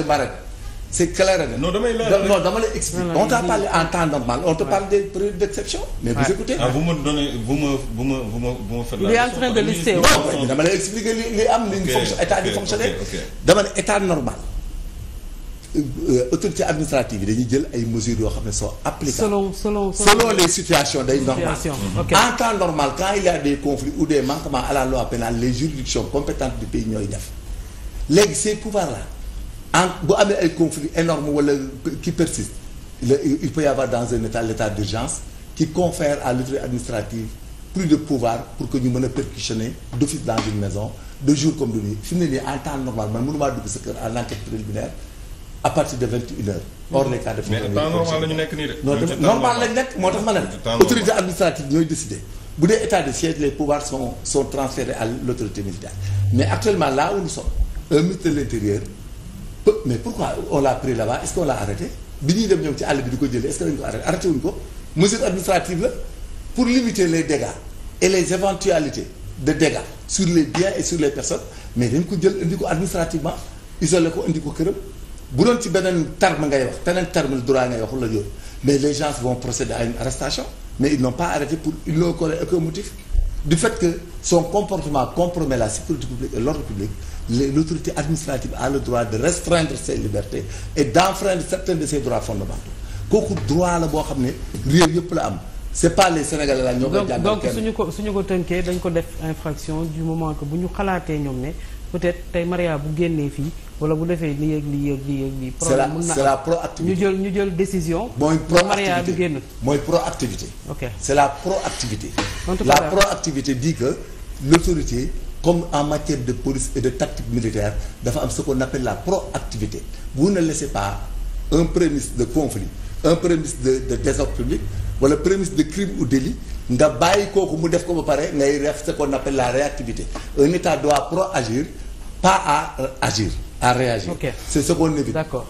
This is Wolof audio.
je m'arrête c'est clair non damay leeral en temps normal on te parle des périodes d'exception mais vous écoutez ah vous me donnez vous me de ah, lister jël ay mesures yoo xam ne sont applicables selon selon selon les situations day normal en temps normal quand il y a des conflits ou des manquements à la loi les juridictions compétentes du pays ñooy def léegi ces pouvoirs là en bu amee ay conflits énormes wala qui persiste il peut y avoir dans un état l'état d'urgence qui confère à l'autorité administrative plus de pouvoir pour que ñu mën a perquisitionner d'office dans une maison de jour comme de nuit fi ne nii en temps normal man mënu maa sa kër en enquête préliminaire à partir de vingt et une heures hors les cas de mais nekk nii de. normal lañ nekk moo tax ma ne la autorité administrative ñooy décider bu dee état de siège mais actuellement là où mais pourquoi on l'a pris là-bas est-ce qu'on l'a arrêté bi ñuy dem ñoom ci àll bi di ko jëlee est-ce que dañ ko arrêté arrêté wuñ ko mesure administrative la pour limiter les dégâts et les éventualités de dégâts sur les biens et sur les personnes mais dañ ko jël indi ko administrativement isolé ko indi ko këram bu doon ci beneen terme ngay wax beneen terme le droit ngay wax la yoon mais les gens vont procéder à une arrestation mais ils n'ont son comportement compromet la sécurité publique et l'autorité administrative a le droit de restreindre ses libertés et d'enfreindre certains de ses droits fondamentaux kooku droit la boo xam ne réew yëpp la am c'est pas les sénégalais la ñoo ko suñu ko tënkee dañ ko def infraction du moment que bu ñu xalaatee ñoom ne peut-être tey Maria bu génnee fii wala bu defee lii ak lii ak lii ak lii. problème la na c'est la proactivité ñu jël ñu jël décision. mooy proactivité mooy proactivité. ok c'est la proactivité. la proactivité dit que l'autorité comme en matière de police et de tactique militaire dafa am ce qu'on appelle la proactivité vous na laissez pas un prémisse de conflit un prémisse de de désordre public wala prémisse de crime ou délit nga bàyyi kooku mu def ko ba pare ngay def ce ko appelle la réactivité un état doit agir pas à euh, agir à réagir okay. c'est ce qu'on évite d'accord